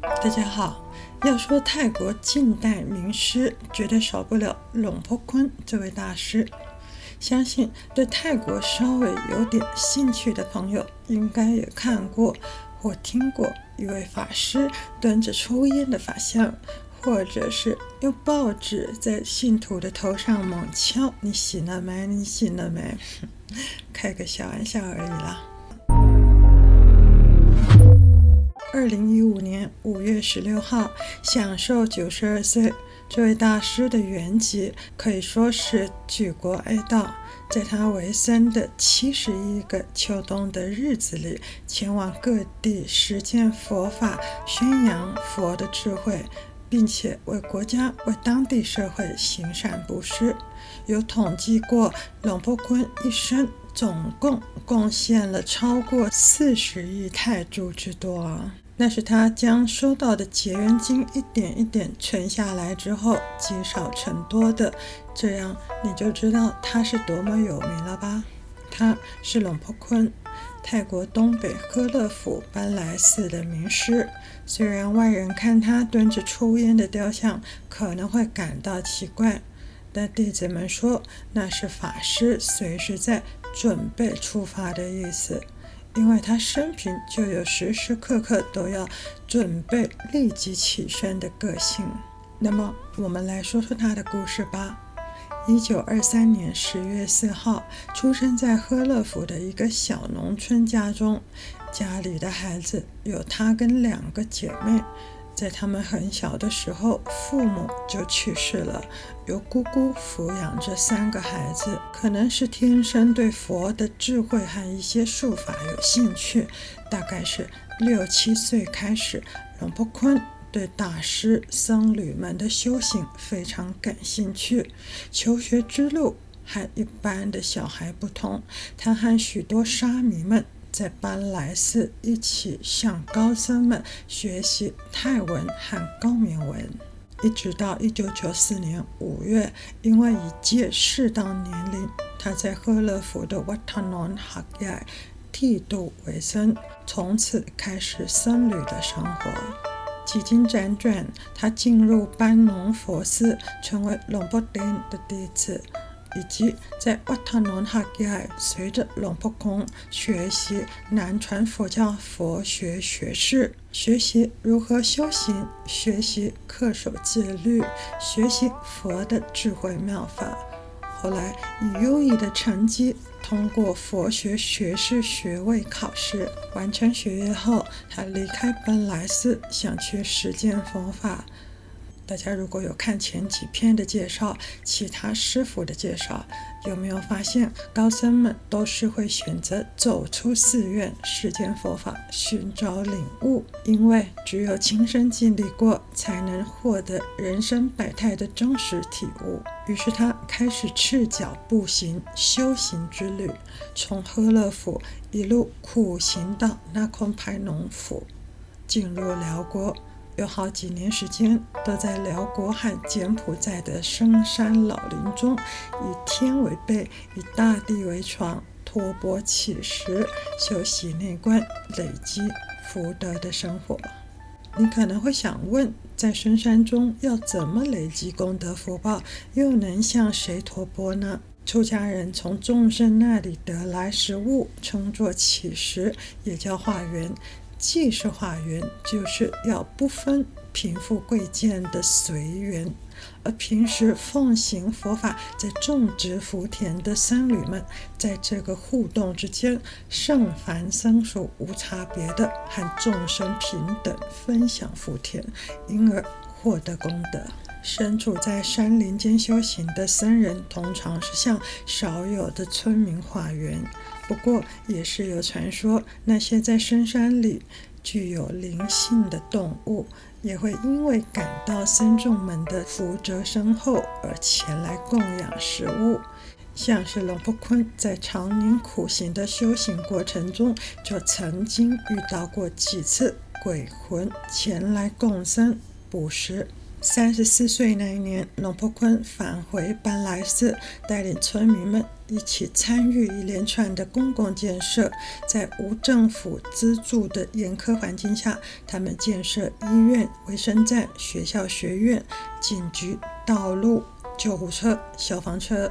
大家好，要說泰國近代名師，絕對少不了龍波坤這位大師。相信對泰國稍微有點興趣的朋友，應該也看過或聽過一位法師端着抽煙的法相，或者是用報紙在信徒的頭上猛敲：“你醒了沒？你醒了沒？”開個小玩笑而已啦。二零一五年五月十六號，享壽九十二歲，這位大師的圓寂可以說是舉國哀悼。在他為僧的七十一個秋冬的日子裡，前往各地實踐佛法，宣揚佛的智慧，並且為國家、為當地社會行善布施。有統計過，龍波坤一生總共貢獻了超過四十億泰銖之多啊！那是他將收到的結緣金一點一點存下來之後，積少成多的。這樣你就知道他是多麼有名了吧？他是龍波坤，泰國東北呵叻府班萊寺的名師。雖然外人看他蹲着抽煙的雕像可能會感到奇怪，但弟子們說，那是法師隨時在準備出發的意思。因為他生平就有時時刻刻都要準備立即起身的個性，那麼我們來說說他的故事吧。一九二三年十月四號，出生在赫勒府的一個小農村家中，家裡的孩子有他跟兩個姐妹。在他們很小的時候，父母就去世了，由姑姑撫養著三個孩子。可能是天生對佛的智慧和一些術法有興趣，大概是六七歲開始，龍波坤對大師僧侶們的修行非常感興趣。求學之路和一般的小孩不同，他和許多沙彌們。在班萊寺一起向高僧們學習泰文和高棉文，一直到1994年5月，因為已屆適當年齡，他在呵叻府的瓦特農 n a 剃度為僧，從此開始僧侶的生活。幾經輾轉，他進入班農佛寺，成為龍波丁的弟子。以及在瓦特農下蓋，隨着龍波公學習南傳佛教佛學學士，學習如何修行，學習恪守戒律，學習佛的智慧妙法。後來以優異的成績通過佛學學士學位考試，完成學業後，他離開本萊斯，想去實踐佛法。大家如果有看前幾篇的介紹，其他師傅的介紹，有沒有發現高僧們都是會選擇走出寺院，實踐佛法，尋找領悟？因為只有親身經歷過，才能獲得人生百態的真實體悟。於是他開始赤腳步行修行之旅，從喝勒府一路苦行到那空派農府，進入寮國。有好幾年時間，都在寮國和柬埔寨的深山老林中，以天為被，以大地為床，托缽乞食，修習內觀，累積福德的生活。你可能會想問，在深山中要怎麼累積功德福報，又能向誰托缽呢？出家人從眾生那裡得來食物，稱作乞食，也叫化緣。既是化緣，就是要不分貧富貴賤的隨緣；而平時奉行佛法，在種植福田的僧侶們，在這個互動之間，聖凡僧俗無差別的和眾生平等分享福田，因而獲得功德。身處在山林間修行的僧人，通常是向少有的村民化緣。不過，也是有傳說，那些在深山裡具有靈性的動物，也會因為感到僧眾們的福澤深厚而前來供養食物。像是龍波坤在常年苦行的修行過程中，就曾經遇到過幾次鬼魂前來共生捕食。三十四歲那一年，龍波坤返回班來寺，帶領村民們一起參與一連串的公共建設。在無政府資助的嚴苛環境下，他們建設醫院、衛生站、學校、學院、警局、道路、救護車、消防車、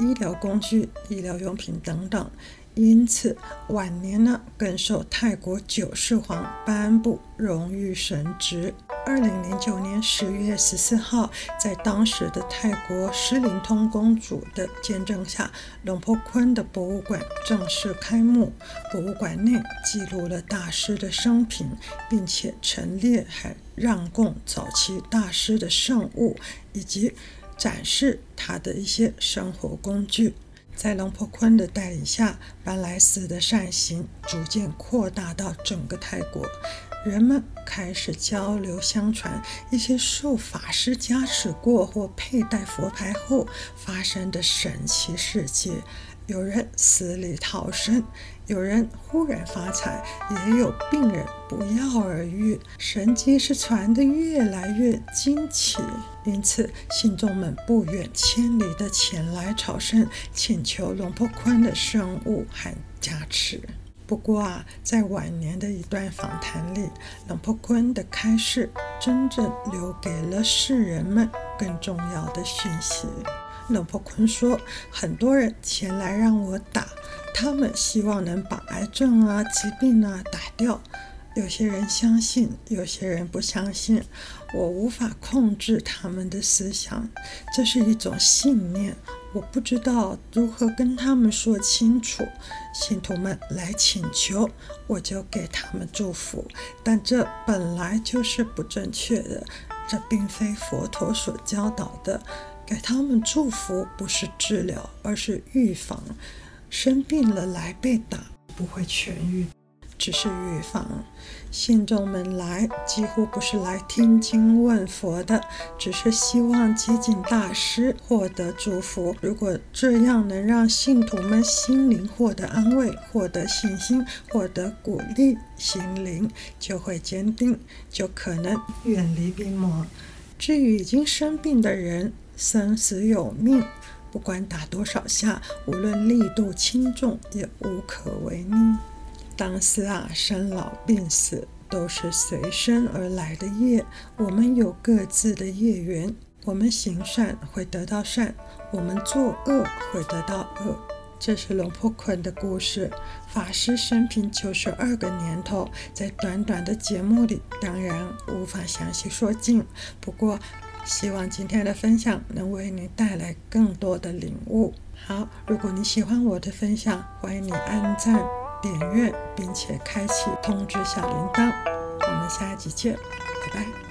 醫療工具、醫療用品等等。因此，晚年呢，更受泰國九世皇頒布榮譽神職。二零零九年十月十四號，在當時的泰國詩琳通公主的見證下，龍波坤的博物館正式開幕。博物館內記錄了大師的生平，並且陳列還讓供早期大師的聖物，以及展示他的一些生活工具。在龍波坤的帶領下，班萊寺的善行逐漸擴大到整個泰國。人們開始交流相傳，一些受法師加持過或佩戴佛牌後發生的神奇事蹟，有人死裡逃生，有人忽然發財，也有病人不藥而癒，神蹟是傳得越來越驚奇，因此信眾們不遠千里的前來朝聖，請求龍波坤的聖物和加持。不過啊，在晚年的一段訪談裡，龍波坤的開示真正留給了世人們更重要的訊息。龍波坤說：“很多人前來讓我打，他們希望能把癌症啊、疾病啊打掉。”有些人相信，有些人不相信。我無法控制他們的思想，這是一種信念。我不知道如何跟他們說清楚。信徒們來請求，我就給他們祝福。但這本來就是不正確的。這並非佛陀所教導的。給他們祝福不是治療，而是預防。生病了來被打，不會痊癒。只是預防，信眾們來幾乎不是來聽經問佛的，只是希望接近大師，獲得祝福。如果這樣能讓信徒們心靈獲得安慰、獲得信心、獲得鼓勵，心靈就會堅定，就可能遠離病魔。至於已經生病的人，生死有命，不管打多少下，無論力度輕重，也無可違逆。當時啊，生老病死都是隨身而來的業，我們有各自的業緣。我們行善會得到善，我們作惡會得到惡。這是龍波坤的故事。法師生平九十二個年頭，在短短的節目裡當然無法詳細說盡。不過，希望今天的分享能為你帶來更多的領悟。好，如果你喜歡我的分享，歡迎你按讚，點閱，並且開啟通知小鈴鐺，我們下一集見，拜拜。